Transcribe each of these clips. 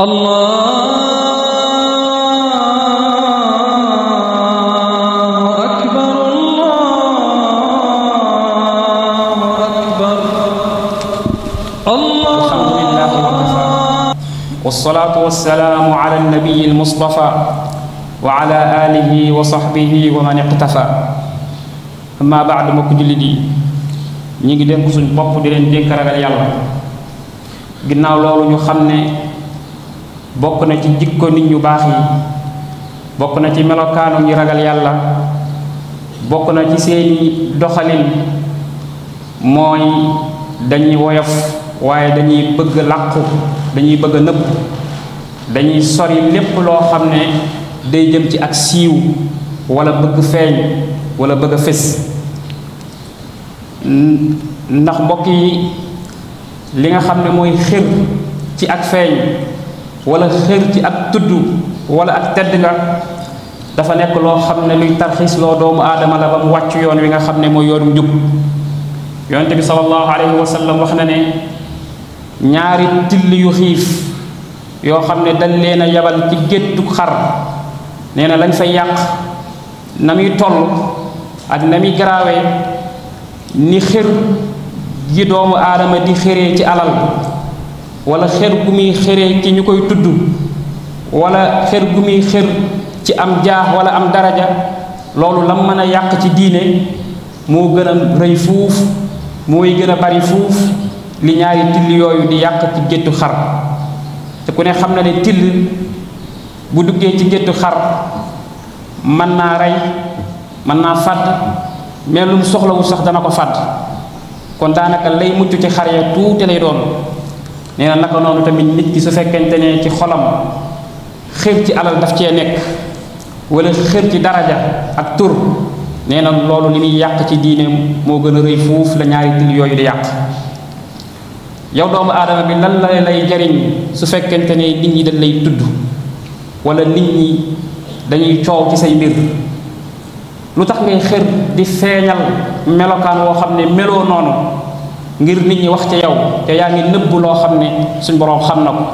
الله أكبر الله أكبر الله الحمد والصلاة والسلام على النبي المصطفى وعلى آله وصحبه ومن اقتفى أما بعد ما كجلدي ñi ngi denk suñ bopp di leen denk ragal yàlla ginnaaw loolu ñu bokk na ci jikko nit ñu baax yi bokk na ci melokaanu ngi ragal yàlla bokk na ci seeni doxalin mooy dañuy woyof waaye dañuy bëgg làqu dañuy bëgg a nëbb dañuy sori lépp loo xam ne day jëm ci ak siiw wala bëgg feeñ wala bëgg a fés ndax mbokk yi li nga xam ne mooy xir ci ak feeñ wala xër ci ak tudd wala ak tedd nga dafa nekk loo xam ne luy tarxiis loo doomu aadama la ba mu wàcc yoon wi nga xam ne mooy yoonu njub yonte bi sallallahu alayhi wa sallam wax na ne ñaari till yu xiif yoo xam ne dañ leen a yabal ci géttu xar nee na lañ fa yàq na muy toll ak na muy garaawee ni xër ji doomu aadama di xëree ci alal wala xer gu muy xeree ci ñu tudd wala xer gu muy xer ci am jaax wala am daraja loolu lam mën yàq ci diine moo gën a rëy fuuf mooy gën a bari fuuf li ñaari till yooyu di yàq ci géttu xar te ku ne xam na ne till bu duggee ci xar mën naa rey mën naa mais lu mu sax dana ko fàdd kon daanaka lay mucc ci xar ya tuute lay doon neena naka nonu tamit nit ki su fekkente ne ci xolam xër ci alal daf cee nekk wala xër ci daraja ak tur neena na loolu li muy yàq ci diine moo gën a rëy fuuf la ñaari til yooyu di yàq yow doomu aadama bi lan la lay jariñ su fekkente ne nit ñi dañ lay tudd wala nit ñi dañuy coow ci say mbir lu tax ngay xër di feeñal melokaan woo xam ne meloo noonu ngir nit ñi wax ca yow te yaa ngi nëbb loo xam ne suñ borom xam na ko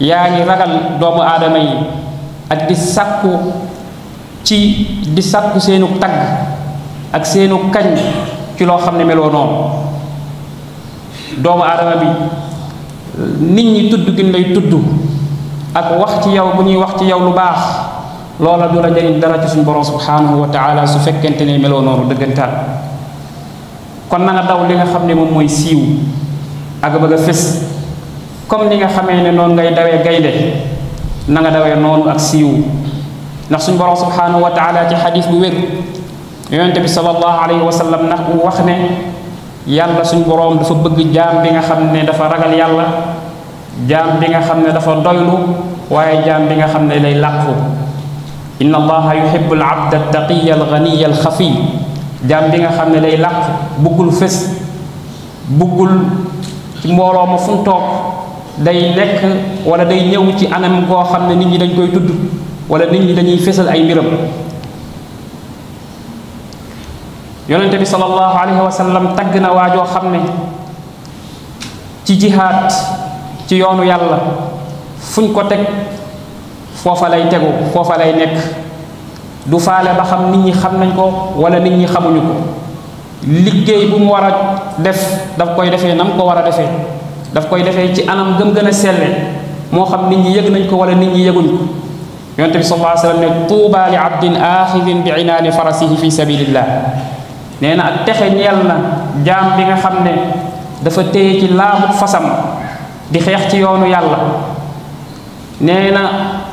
yaa ngi ragal doomu aadama yi ak di sàkku ci di sàkku seenu tagg ak seenu kañ ci loo xam ne meloo noonu doomu aadama bi nit ñi tudd gin lay tudd ak wax ci yow bu ñuy wax ci yow lu baax loola du la jëriñ dara ci suñ borom subhanahu wa taala su fekkente ne meloo noonu kon na nga daw li nga xamne mom moy siiw ak bëgg a fés comme ni nga xamé ne non ngay dawé gaydé na nga dawé nonu ak siiw ndax suñu borom subhanahu wa taala ci hadith bu wér yoonte bi sallallahu alayhi wa sallam nak wax ne yàlla suñu borom dafa bëgg jaam bi nga xamné dafa ragal yàlla jaam bi nga xamné dafa doylu waye jaam bi nga xamné lay làqu inna allaha yuhibbu al abda altaqiya alganiya jaam bi nga xam ne day làq buggul fés buggul mbooloo ma fu mu toog day nekk wala day ñëw ci anam goo xam ne nit ñi dañ koy tudd wala nit ñi dañuy fësal ay mbiram yonente bi sallallahu alayhi wa sallam tagg na waajoo xam ne ci jihaat ci yoonu yàlla fuñ ko teg foofa lay tegu foofa lay nekk du faale ba xam nit ñi xam nañ ko wala nit ñi xamuñu ko liggéey bu mu war a def daf koy defee nam ko war a defee daf koy defee ci anam gëm gën a selle moo xam nit ñi yëg nañ ko wala nit ñi yëguñ ko yonte bi sallallahu alayhi wasallam ne tuuba li abdin akhidin bi inaani farasihi fi sabilillah nee na ak texe ñeel na jaam bi nga xam ne dafa téye ci laabut fasam di xeex ci yoonu yàlla nee na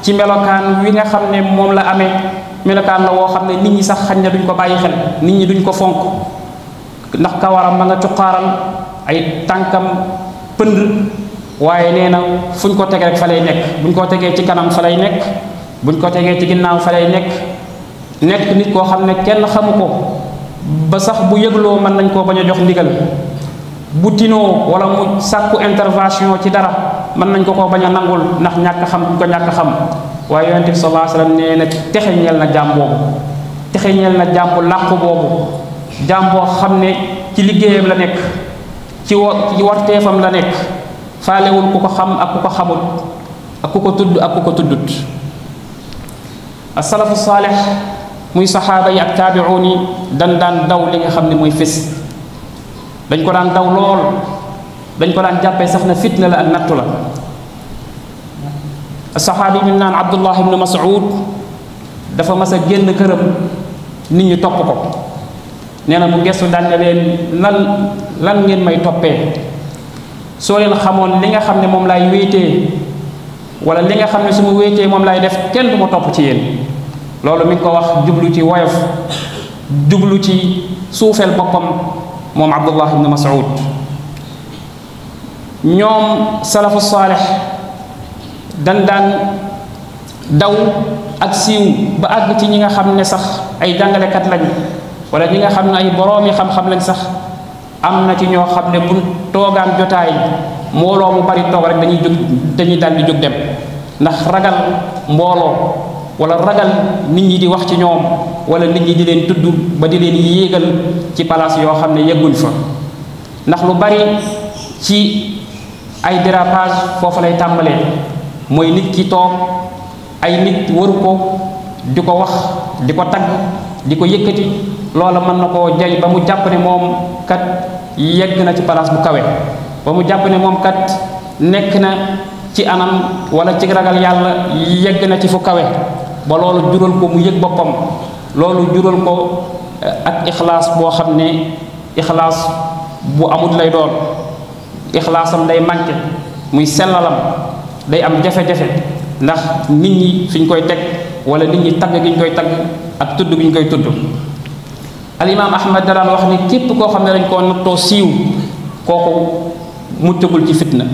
ci melokaan wi nga xam ne moom la amee melokaan la woo xam ne nit ñi sax xañ na duñ ko bàyyi xel nit ñi duñ ko fonk ndax kawaram ma nga cuqaaral ay tànkam pënd waaye nee na fu ñu ko tegee rek fa lay nekk buñ ko tegee ci kanam fa lay nekk buñ ko tegee ci ginnaaw fa lay nekk nekk nit koo xam ne kenn xamu ko ba sax bu yëgloo mën nañ koo bañ a jox ndigal bu tinoo wala mu sàkku intervention ci dara mën nañ ko ko bañ a nangul ndax ñàkk xam ko ñàkk xam waaye yonente bi sallallahu alayhi wasallam nee na texe ñeel na jaam boobu texe ñeel na jaam bu làqu boobu jaam boo xam ne ci liggéeyam la nekk ci wa ci warteefam la nekk faalewul ku ko xam ak ku ko xamul ak ku ko tudd ak ku ko tuddut asalafu saalix muy saxaaba yi ak taabiuun yi dañ daan daw li nga xam ne mooy fés dañ ko daan daw lool dañ ko daan jàppee sax na fitna la ak nattu la saxaabi bi mu naan abdullah ibnu mas'ud dafa mas a génn këram nit ñi topp ko nee na bu gestu daan ne leen lan lan ngeen may toppee soo leen xamoon li nga xam ne moom laay wéetee wala li nga xam ne su ma wéetee moom laay def kenn du ma topp ci yéen loolu mi ngi ko wax jublu ci woyof jublu ci suufeel boppam moom abdullah ibnu mas'ud ñoom salafu saalix dan daan daw ak siiw ba àgg ci ñi nga xam ne sax ay jàngalekat lañ wala ñi nga xam ne ay boroomi xam-xam lañ sax am na ci ñoo xam ne bu toogaan jotaay mbooloo mu bari toog rek dañuy jóg dañuy daal di jóg dem ndax ragal mbooloo wala ragal nit ñi di wax ci ñoom wala nit ñi di leen tudd ba di leen yéegal ci palaas yoo xam ne yegguñ fa ndax lu bari ci ay dérapage foofu lay tàmbalee mooy nit ki toog ay nit waru ko di ko wax di ko di ko yëkkati loola mën ba mu ne kat yegg na ci palaas bu kawe ba mu ne kat nekk na ci anam wala ci ragal yàlla yegg na ci fu kawe ba loolu jural ko mu yëg boppam loolu jural ko eh, ak ikhlas boo xam bu amut lay doon ixlaasam day muy selalam day am jafe-jafe ndax nit ñi fi ñu koy teg wala nit ñi tagg gi ñu koy tagg ak tudd gi ñu koy tudd alimaam ahmad daraan wax ni képp koo xam ne dañ koo nattoo siiw kooku mu tëgul ci fitna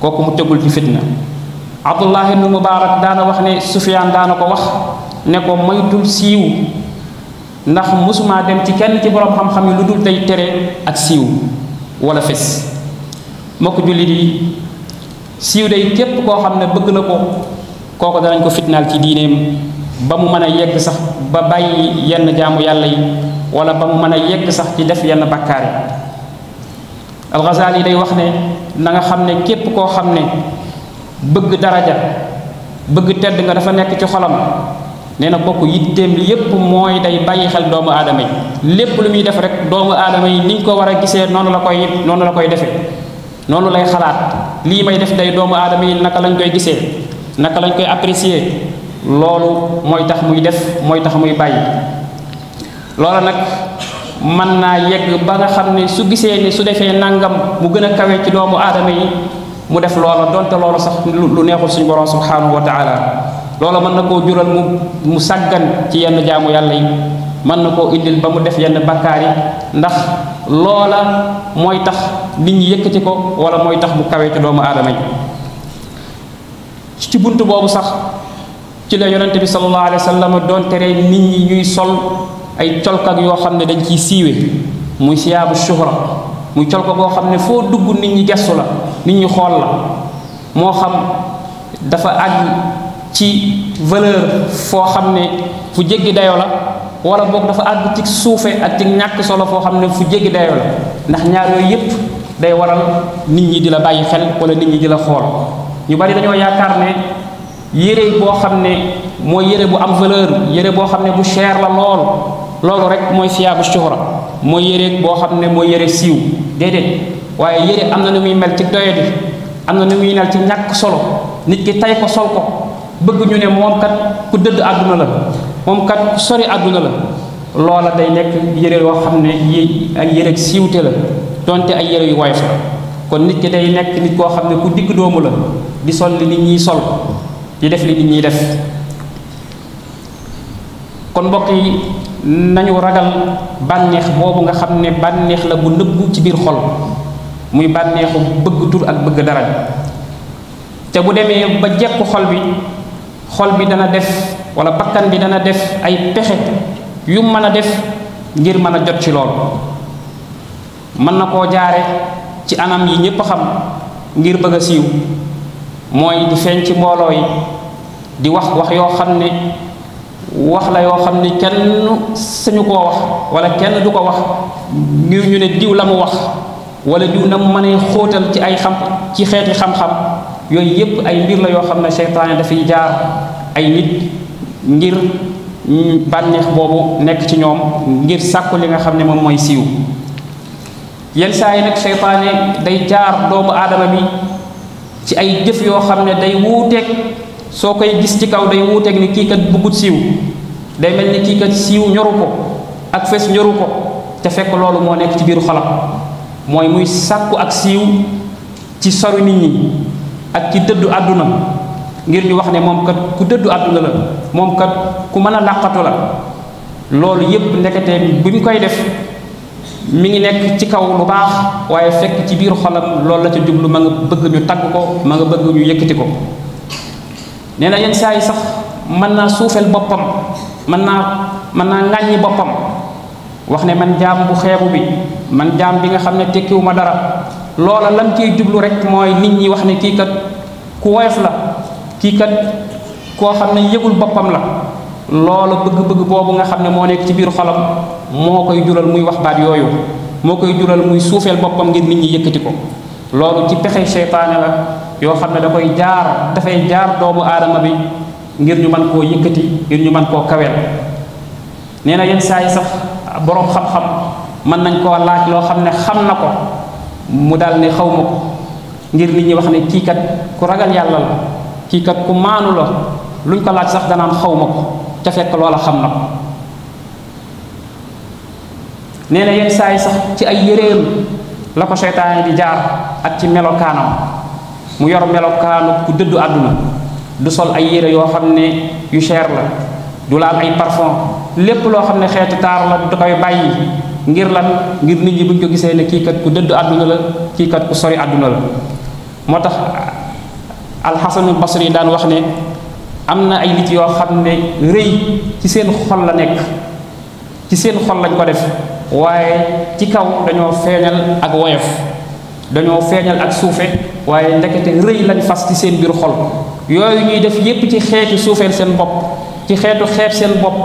kooku mu tëgul ci fitna abdullah ibnu mubaarak daana wax ne sufiyaan daana ko wax ne ko moytul siiw ndax mosuma dem ci kenn ci boroom xam-xam yi lu dul day tere ak siiw wala fes mbokk jullit yi siiw day képp koo xam ne bëgg na ko kooku danañ ko fitnaal ci diineem ba mu mën a yegg sax ba bàyyi yenn jaamu yàlla yi wala ba mu mën a yegg sax ci def yenn bakkaar yi day wax ne na nga xam ne képp koo xam ne bëgg daraja bëgg tedd nga dafa nekk ci xolam nee na kooku yitteem li yépp mooy day bàyyi xel doomu aadama yi lépp lu muy def rek doomu aadama yi niñ ko war a gisee noonu la koy noonu la koy defee noonu lay xalaat lii may def day doomu aadama yi naka lañ koy gisee naka lañ koy apprécier loolu mooy tax muy def mooy tax muy bàyyi loola nag mën naa yegg ba nga xam ne su gisee ni su defee nangam mu gën a kawe ci doomu aadama yi mu def loola donte loolu sax lu neexul suñu borom subhanahu wa taala loola mën na koo jural mu mu sàggan ci yenn jaamu yàlla yi mën na koo indil ba mu def yenn bakkaar yi ndax loola mooy tax nit ñi yëkkati ko wala mooy tax mu kawe ci doomu aadama yi ci bunt boobu sax ci la yonente bi sallallahu alayhi wa sallam doon nit ñi ñuy sol ay colkak yoo xam ne dañ ciy siiwe muy siyaabu shuhra muy colka boo xam ne foo dugg nit ñi gestu la nit ñi xool la moo xam dafa àgg ci valeur foo xam ne fu jéggi dayo la wala boog dafa àgg ci suufe ak ci ñàkk solo foo xam ne fu jéggi dayoo la ndax ñaar yooyu yépp day waral nit ñi di la bàyyi xel wala nit ñi di la xool ñu bari dañoo yaakaar ne yére boo xam ne mooy yére bu am valeur yére boo xam ne bu cher la lool loolu rek mooy siyaabu shuhra mooy yére boo xam ne mooy yére siiw déedéet waaye yére am na nu muy mel ci doyadi am na nu muy mel ci ñàkk solo nit ki tay ko sol ko bëgg ñu ne moom kat ku dëdd àdduna la moom kat sori àdduna la loola day nekk yére yoo xam ne yi ay yére siiwte la donte ay yére yu woyof la kon nit ki day nekk nit koo xam ne ku digg doomu la di sol li nit ñiy sol di def li nit ñiy def kon mbokk yi nañu ragal bànneex boobu nga xam ne la bu nëbbu ci biir xol muy bànneexu bëgg tur ak bëgg dara te bu demee ba jekku xol bi xol bi dana def wala bakkan bi dana def ay pexe yu mën a def ngir mën a jot ci lool mën na koo jaare ci anam yi ñépp xam ngir bëgg a siiw mooy di feeñ ci mbooloo yi di wax wax yoo xam ne wax la yoo xam ne kenn sañu koo wax wala kenn du ko wax ngir ñu ne diw la mu wax wala diw na mu mënee xóotal ci ay xam ci xeeti xam-xam yooyu yépp ay mbir la yoo xam ne seytaane dafay jaar ay nit ngir mm, bànneex boobu nek ci ñoom ngir sàkku li nga xam ne moom mooy siiw yenn saa yi nag seytaane day jaar doomu aadama bi ci ay jëf yoo xam day gis ci kaw day wuuteeg ni kii kat bëggut siiw day mel ni kat siiw ñoru ko ak fes ñoru ko te fekk loolu moo nekk ci biiru xolam muy ak siiw ci sori nit ñi ak ci dëddu ngir ñu wax ne moom kat ku dëddu àdduna la moom kat ku mën a la loolu yépp ndekete bi mu koy def mi ngi nekk ci kaw lu baax waaye fekk ci biir xolam loolu la ca jublu ma nga bëgg ñu tagg ko ma nga bëgg ñu yëkkati ko nee na yenn sax mën naa suufel boppam mën naa mën naa ŋàññi boppam wax ne man jaam bu bi man jaam bi nga dara lam ciy jublu rek mooy nit ñi wax ne kat ku woyof la kii kat koo xam ne yëgul boppam la loola bëgg-bëgg boobu nga xam ne moo nekk ci biir xolam moo koy jural muy wax baat yooyu moo koy jural muy suufeel boppam ngir nit ñi yëkkati ko loolu ci pexe seytaane la yoo xam ne da koy jaar dafay jaar doomu aadama bi ngir ñu mën koo yëkkati ngir ñu mën koo kaweel nee na yenn saa yi sax boroom xam-xam mën nañ koo laaj loo xam ne xam na ko mu dal ne xaw ma ko ngir nit ñi wax ne kii kat ku ragal yàlla la kii kat ku maanu la luñ ko laaj sax danaan xaw ma ko te fekk loola xam na ko nee na yenn saa sax ci ay yëreem la ko seytaane di jaar ak ci melokaanam mu yor melokaanu ku dëdd àdduna du sol ay yére yoo xam ne yu cher la du laal ay parfon lépp loo xam ne xeeti taar la du koy bàyyi ngir lan ngir nit ñi buñ ko gisee ne kii kat ku dëdd àdduna la kii kat ku sori àdduna la moo tax alxasanul basri daan wax ne am na ay nit yoo xam ne rëy ci seen xol la nekk ci seen xol lañ ko def waaye ci kaw dañoo feeñal ak woyof dañoo feeñal ak suufe waaye ndekete rëy lañ fas ci seen biir xol yooyu ñuy def yépp ci xeetu suufeel seen bopp ci xeetu xeeb seen bopp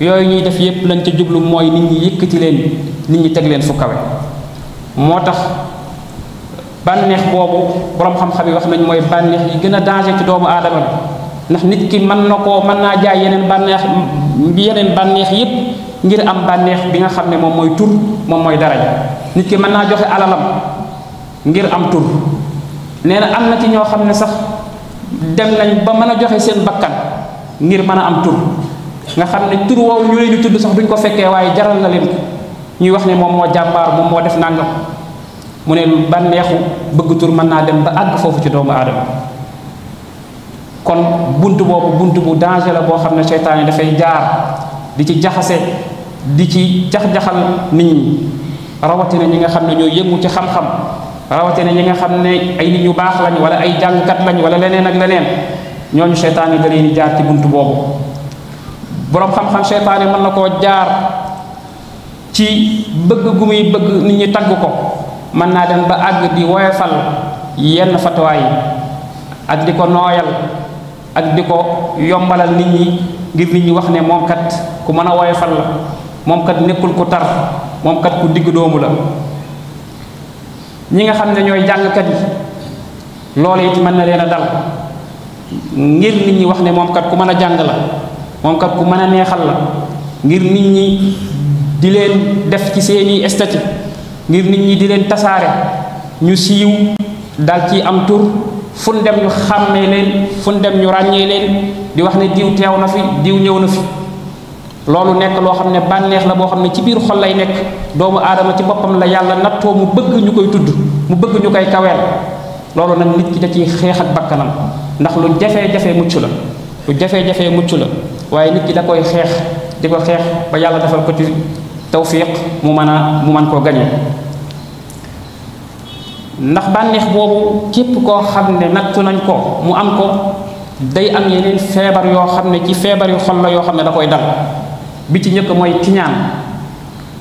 yooyu ñuy def yépp lañ ca jublu mooy nit ñi yëkkati leen nit ñi teg leen fu kawe moo tax bànneex boobu borom xam-xam yi wax nañ mooy bànneex yi gën a danger ci doomu aadama ndax nit ki mën na koo mën naa jaay yeneen bànneex yeneen bànneex yépp ngir am bànneex bi nga xam ne moom mooy tur moom daraja nit ki mën naa joxe alalam ngir am tur nee na am na ci ñoo xam sax dem nañ ba mën joxe seen bakkan ngir mën a am tur nga xam ne tur woowu ñu leen di tudd sax duñ ko fekkee waaye jaral na leen ñuy wax ne moom moo jàmbaar moom moo def nangam mu ne bànneexu bëgg tur mën naa dem ba àgg foofu ci doomu aadama kon buntu boobu buntu bu danger la boo xam ne seytaane dafay jaar di ci jaxase di ci jax-jaxal nit ñi rawatina ñi nga xam ne ñoo yëngu ci xam-xam rawatina ñi nga xam ne ay nit ñu baax lañ wala ay jàngkat lañ wala leneen ak leneen ñooñu seytaane da leen di jaar ci bunt boobu boroom xam-xam seytaane mën na koo jaar ci bëgg gu muy bëgg nit ñi tagg ko mën dan dem ba àgg di waifal yenn fatuwaay ak di noyal nooyal ak di ko yombalal nit ñi ngir nit ñi wax ne moom kat ku mën a woyofal la moom kat nekkul ku tar moom kat ku digg doomu la ñi nga xam ne ñooy jàngkat yi loolu it mën na dal ngir nit ñi wax ne kat ku la kat ku neexal la ngir nit ñi di leen def ci seeni statut ngir nit ñi di leen tasaare ñu siiw dal ci am tur fun dem ñu xàmmee leen fu dem ñu ràññee leen di wax ne diw teew na fi diw ñëw na fi loolu nekk loo xam ne bànneex la boo xam ne ci biir xol lay nekk doomu aadama ci boppam la yàlla nattoo mu bëgg ñu koy tudd mu bëgg ñu koy kaweel loolu nag nit ki da ciy xeex ak bakkanam ndax lu jafe-jafe mucc la lu jafe-jafe mucc la waaye nit ñi da koy xeex di ko xeex ba yàlla defal ko ci tawfiq mu mën a mu mën koo gañe ndax bànneex boobu képp koo xam ne nattu nañ ko mu am ko day am yeneen feebar yoo xam ne ci feebar yu xol la yoo xam ne da koy dal bi ci njëkk mooy kiñaan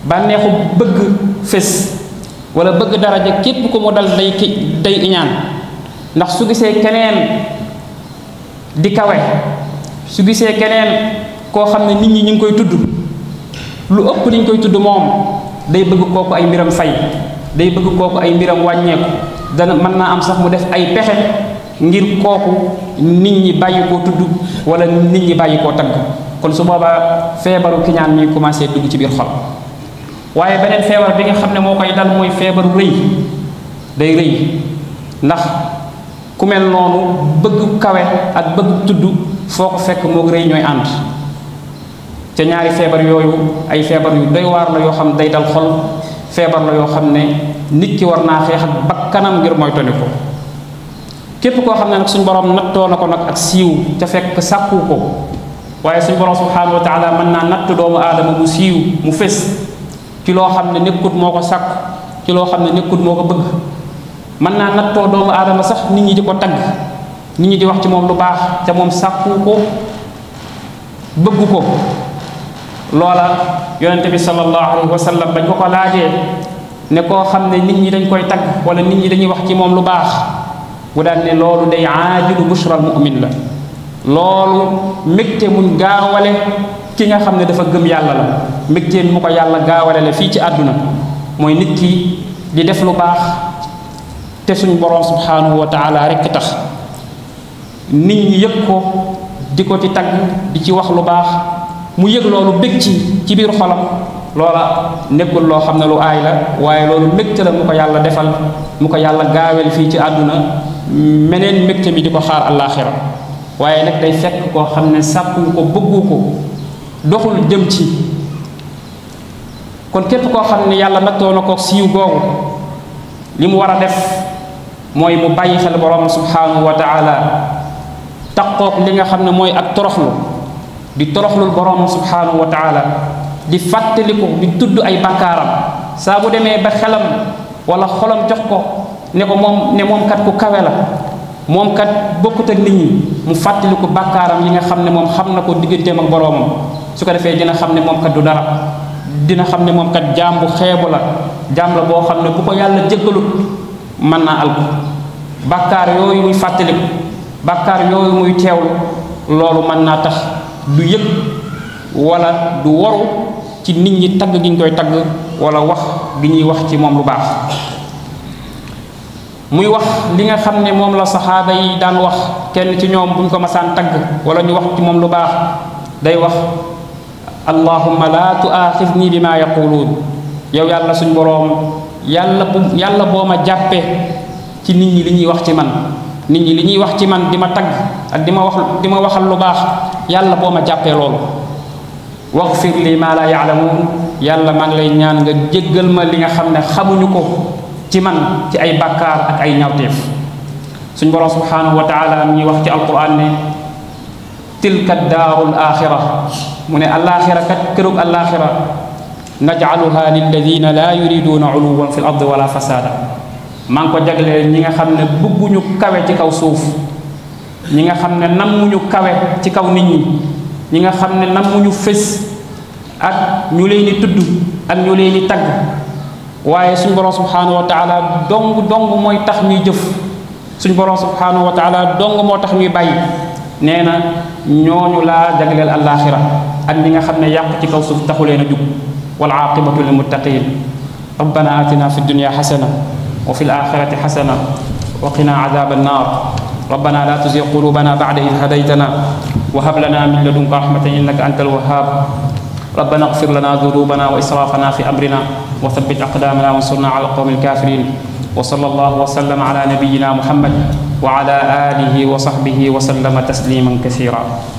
bànneexu bëgg fés wala bëgg daraja képp ko mu dal day ki day iñaan ndax su gisee keneen di kawe su gisee keneen koo xam ne nit ñi ñu ngi koy tudd lu ëpp liñ koy tudd moom day bëgg kooku ay mbiram fay day bëgg kooku ay mbiram wàññeeku dana mën naa am sax mu def ay pexe ngir kooku nit ñi bàyyi koo tudd wala nit ñi bàyyi koo tagg kon su boobaa feebaru kiñaan mi commencé dugg ci biir xol waaye beneen feebar bi nga xam ne moo koy dal mooy feebaru rëy day rëy ndax ku mel noonu bëgg kawe ak bëgg tudd foo ko fekk mook rëy ñooy ànd te ñaari feebar yooyu ay feebar yu doy waar la yoo xam day dal xol feebar la yoo xam ne nit ki war naa xeex ak bakkanam ngir moytandi ko képp koo xam ne nag suñ borom nattoo na ko nag ak siiw ca fekk sàkku ko waaye suñ borom subhanahu wa mën naa natt doomu aadama mu siiw mu fés ci loo xam ne nekkut moo ko sàkk ci loo xam ne nekkut moo ko bëgg mën naa nattoo doomu aadama sax nit ñi di ko tagg nit ñi di wax ci moom lu baax te moom sàkku ko ko lola yonente bi sallallahu alayhi wasallam bañ ko ko laaje ne ko xamne nit ñi dañ koy tag wala nit ñi dañuy wax ci mom lu baax bu daal ne lolu day aajilu al mu'min la lolu mekte muñ gaawale ki nga xamne dafa gëm yàlla la mekte mu ko yàlla gaawale le fi ci aduna moy nit ki di def lu baax te suñ borom subhanahu wa taala rek tax nit ñi yëg ko di ci tag di ci wax lu baax mu yëg loolu bég ci ci biir xolam loola nekkul loo xam ne lu aay la waaye loolu mbégte la mu ko yàlla defal mu ko yàlla gaawel fii ci àdduna meneen mbégte bi di ko xaar àllaaxira waaye nag day fekk koo xam ne sàkku ko bëggu ko doxul jëm ci kon képp koo xam ne yàlla nattoo na ko siiw googu li mu war a def mooy mu bàyyi xel borom subhanahu wa taala taqoog li nga xam ne mooy ak toroxlu di toroxlul boroom subhaanahu wa taala di fàttaliku bi tudd ay bàkkaaram saa bu demee ba xelam walla xolam jox ko ne ko moom ne moom kat ku kawe la moom kat bokkut ak nit ñi mu fàttaliku bàkkaaram yi nga xam ne moom xam na ko digganteem ak boroomam su ko defee dina xam ne moom kat du dara dina xam ne moom kat jaam bu xeebu la jaam la boo xam ne bu ko yàlla jéggalut mën naa alku bàkkaar yooyu muy fàttaliku bàkkaar yooyu muy teewlu loolu mën naa tax du yëg wala du waru ci nit ñi tagg gi ñu koy tagg wala wax gi ñuy wax ci moom lu baax muy wax li nga xam ne moom la saxaaba yi daan wax kenn ci buñ ko wala ñu wax ci lu baax day wax allahumma la tuaxidni bima yaquluun yow yàlla suñ boroom yàlla bu yàlla boo ma ci nit ñi li ñuy wax ci man nit ñi li ñuy wax ci man di ma ak wax waxal lu baax yàlla boo ma jàppee loolu waxfir li maa la yaalamuun yàlla maa ngi lay ñaan nga jéggal ma li nga xam ne xamuñu ko ci man ci ay bàkkaar ak ay ñawteef suñ borom subhanahu wa taala mi ngi wax ci alquran ne tilka daarul axira mu ne alaxira kat kërug alaxira najcaluha lilladina laa yuriduuna uluwan fi l ard wala fasaada maa ko jagleel ñi nga xam ne bëgguñu kawe ci kaw suuf ñi nga xam ne ñu kawe ci kaw nit ñi ñi nga xam ne ñu fés ak ñu leen di tudd ak ñu leen di tagg waaye suñ borom subhanahu wa taala dong dong mooy tax ñuy jëf suñ borom subhanahu wa taala dong moo tax ñuy bàyyi nee na ñooñu laa jagleel alaxira ak ñi nga xam ne yàq ci kaw suuf taxu leen a jug wal aqibatu lil muttaqin ربنا آتنا في الدنيا حسنة وفي الآخرة حسنة وقنا عذاب النار ربنا لا تزغ قلوبنا بعد إذ هديتنا وهب لنا من لدنك رحمة إنك أنت الوهاب ربنا اغفر لنا ذنوبنا وإسرافنا في أمرنا وثبت أقدامنا وانصرنا على القوم الكافرين وصلى الله وسلم على نبينا محمد وعلى آله وصحبه وسلم تسليما كثيرا